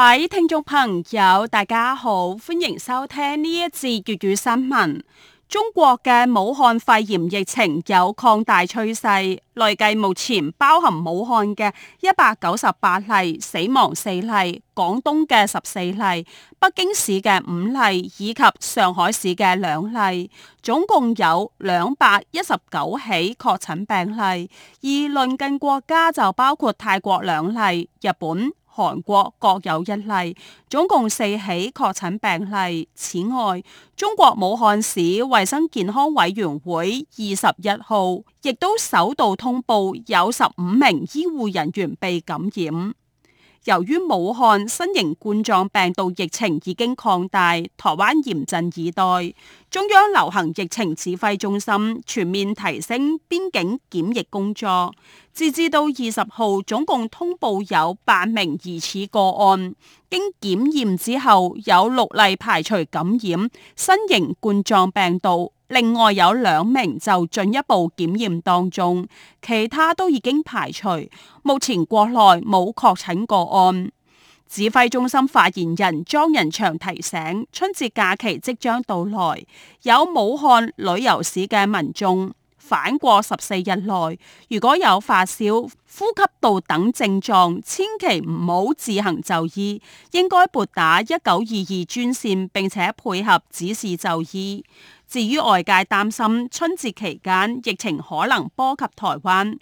各位聽眾朋友，大家好，歡迎收聽呢一次粵語新聞。中國嘅武漢肺炎疫情有擴大趨勢，累計目前包含武漢嘅一百九十八例，死亡四例；廣東嘅十四例，北京市嘅五例，以及上海市嘅兩例，總共有兩百一十九起確診病例。而鄰近國家就包括泰國兩例，日本、韓國各有一例，總共四起確診病例。此外，中國武漢市衛生健康委員會二十一號亦都首度通報有十五名醫護人員被感染。由於武漢新型冠狀病毒疫情已經擴大，台灣嚴陣以待，中央流行疫情指揮中心全面提升邊境檢疫工作。截至到二十號，總共通報有八名疑似個案，經檢驗之後有六例排除感染新型冠狀病毒，另外有兩名就進一步檢驗當中，其他都已經排除。目前國內冇確診個案。指揮中心發言人莊人祥提醒：春節假期即將到來，有武漢旅遊史嘅民眾。反過十四日內，如果有發燒、呼吸道等症狀，千祈唔好自行就醫，應該撥打一九二二專線，並且配合指示就醫。至於外界擔心春節期間疫情可能波及台灣。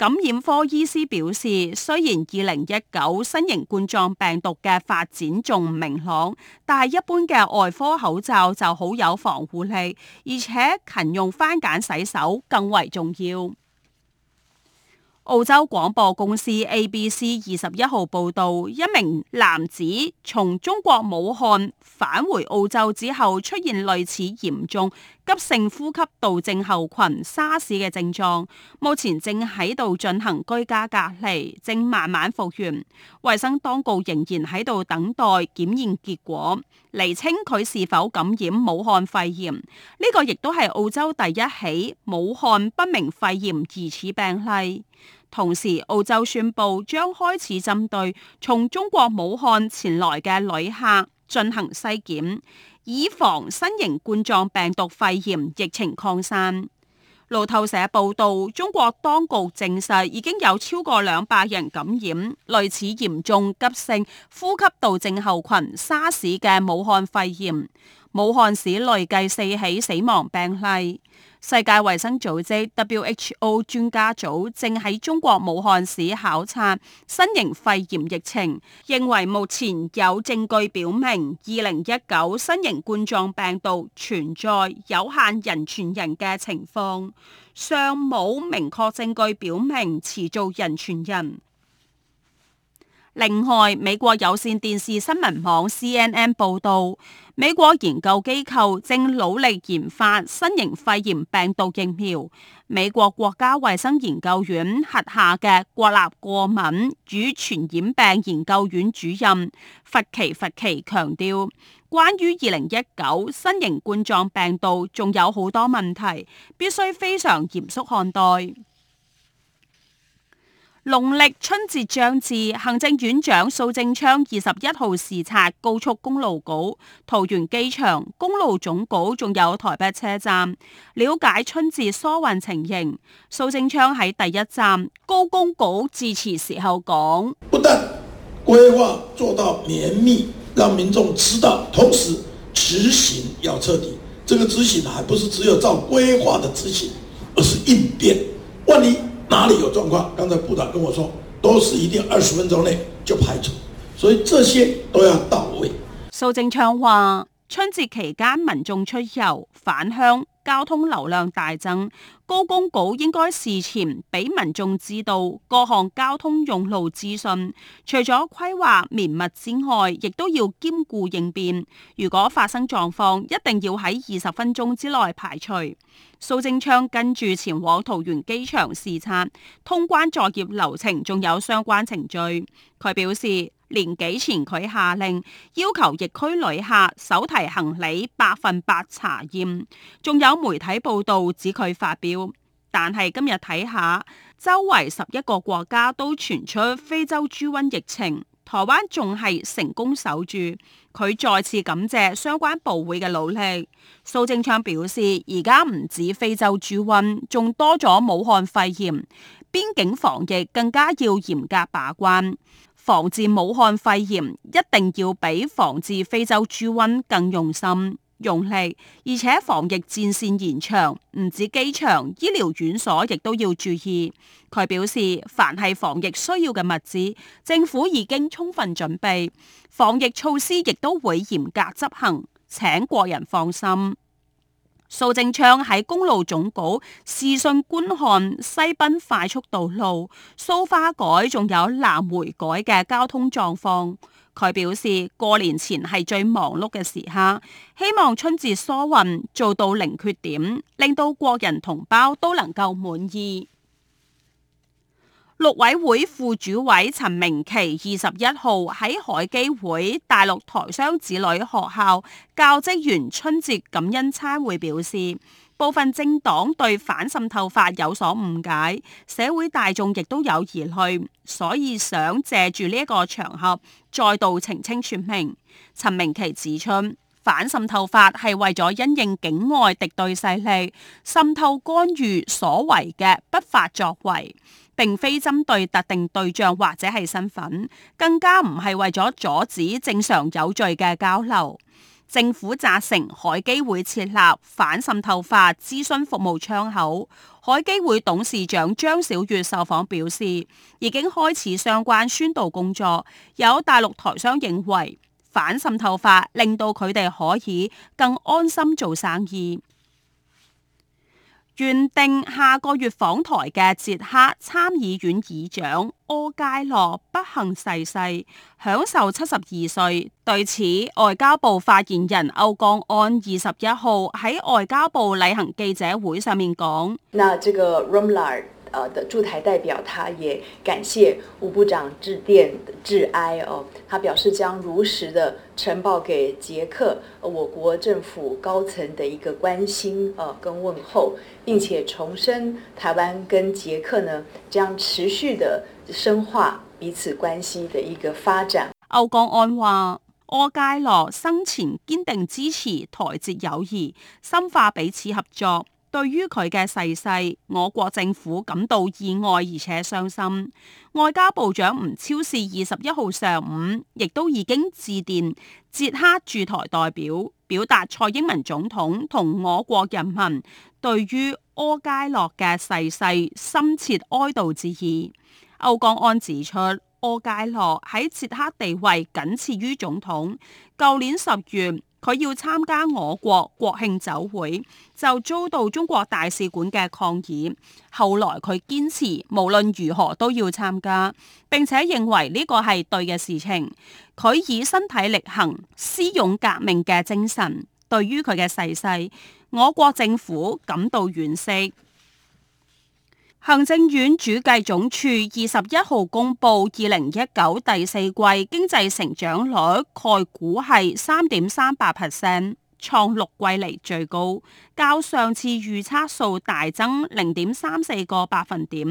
感染科醫師表示，雖然二零一九新型冠狀病毒嘅發展仲唔明朗，但係一般嘅外科口罩就好有防護力，而且勤用番枧洗手更為重要。澳洲廣播公司 ABC 二十一號報道，一名男子從中國武漢返回澳洲之後，出現類似嚴重。急性呼吸道症候群沙士嘅症狀，目前正喺度進行居家隔離，正慢慢復原。衛生當局仍然喺度等待檢驗結果，釐清佢是否感染武漢肺炎。呢個亦都係澳洲第一起武漢不明肺炎疑似病例。同時，澳洲宣布將開始針對從中國武漢前來嘅旅客進行篩檢。以防新型冠狀病毒肺炎疫情擴散。路透社報道，中國當局證實已經有超過兩百人感染類似嚴重急性呼吸道症候群沙士嘅武漢肺炎，武漢市累計四起死亡病例。世界衛生組織 （WHO） 專家組正喺中國武漢市考察新型肺炎疫情，認為目前有證據表明二零一九新型冠狀病毒存在有限人傳人嘅情況，尚冇明確證據表明持續人傳人。另外，美國有線電視新聞網 CNN 報道，美國研究機構正努力研發新型肺炎病毒疫苗。美國國家衛生研究院轄下嘅國立過敏與傳染病研究院主任弗奇弗奇強調，關於二零一九新型冠狀病毒，仲有好多問題，必須非常嚴肅看待。農曆春節將至，行政院長蘇貞昌二十一號視察高速公路局、桃園機場、公路總局，仲有台北車站，了解春節疏運情形。蘇貞昌喺第一站高公局致辭時候講：，不但規劃做到綿密，讓民眾知道，同時執行要徹底。這個執行，還不是只有照規劃的執行，而是應變。萬一哪裡有狀況？剛才部長跟我說，都是一定二十分鐘內就排除，所以這些都要到位。蘇貞昌話，春節期間民眾出遊返鄉。交通流量大增，高公局應該事前俾民眾知道各項交通用路資訊。除咗規劃綿密之外，亦都要兼顧應變。如果發生狀況，一定要喺二十分鐘之內排除。蘇貞昌跟住前往桃園機場視察通關作業流程，仲有相關程序。佢表示。年幾前佢下令要求疫區旅客手提行李百分百查驗，仲有媒體報道指佢發表，但係今日睇下，周圍十一個國家都傳出非洲豬瘟疫情，台灣仲係成功守住。佢再次感謝相關部會嘅努力。蘇貞昌表示，而家唔止非洲豬瘟，仲多咗武漢肺炎，邊境防疫更加要嚴格把關。防治武漢肺炎一定要比防治非洲豬瘟更用心用力，而且防疫戰線延長，唔止機場、醫療院所亦都要注意。佢表示，凡係防疫需要嘅物資，政府已經充分準備，防疫措施亦都會嚴格執行，請國人放心。蘇貞昌喺公路總局視訊觀看西濱快速道路、蘇花改仲有南回改嘅交通狀況，佢表示過年前係最忙碌嘅時刻，希望春節疏運做到零缺點，令到國人同胞都能夠滿意。陸委會副主委陳明奇二十一號喺海基會大陸台商子女學校教職員春節感恩餐會表示，部分政黨對反滲透法有所誤解，社會大眾亦都有疑慮，所以想借住呢一個場合再度澄清說明。陳明奇指出，反滲透法係為咗因應境，境外敵對勢力滲透干預所為嘅不法作為。並非針對特定對象或者係身份，更加唔係為咗阻止正常有序嘅交流。政府責成海基會設立反滲透法諮詢服務窗口，海基會董事長張小月受訪表示，已經開始相關宣導工作。有大陸台商認為，反滲透法令到佢哋可以更安心做生意。原定下個月訪台嘅捷克參議院議長柯佳洛不幸逝世，世，享壽七十二歲。對此，外交部發言人歐江安二十一號喺外交部例行記者會上面講：呃、啊、的駐台代表他也感謝吳部長致電的致哀哦、啊，他表示將如實的呈報給捷克，啊、我國政府高層的一個關心啊跟問候，並且重申台灣跟捷克呢將持續的深化彼此關係的一個發展。歐江安話：柯佳洛生前堅定支持台捷友誼，深化彼此合作。對於佢嘅逝世，我國政府感到意外而且傷心。外交部長吳釗燮二十一號上午亦都已經致電捷克駐台代表，表達蔡英文總統同我國人民對於柯佳洛嘅逝世深切哀悼之意。歐江安指出，柯佳洛喺捷克地位僅次於總統。舊年十月。佢要參加我國國慶酒會，就遭到中國大使館嘅抗議。後來佢堅持無論如何都要參加，並且認為呢個係對嘅事情。佢以身體力行、絲絨革命嘅精神，對於佢嘅逝世，我國政府感到惋惜。行政院主計總處二十一號公布二零一九第四季經濟成長率概估，概估係三點三八 percent，創六季嚟最高，較上次預測數大增零點三四個百分點，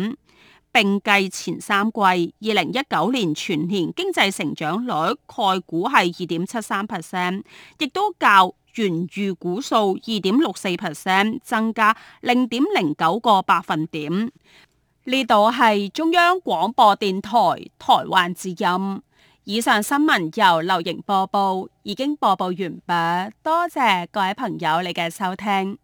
併計前三季，二零一九年全年經濟成長率概估係二點七三 percent，亦都較原預股數二點六四 percent 增加零點零九個百分點，呢度係中央廣播電台台灣之音。以上新聞由劉瑩播報，已經播報完畢，多謝各位朋友你嘅收聽。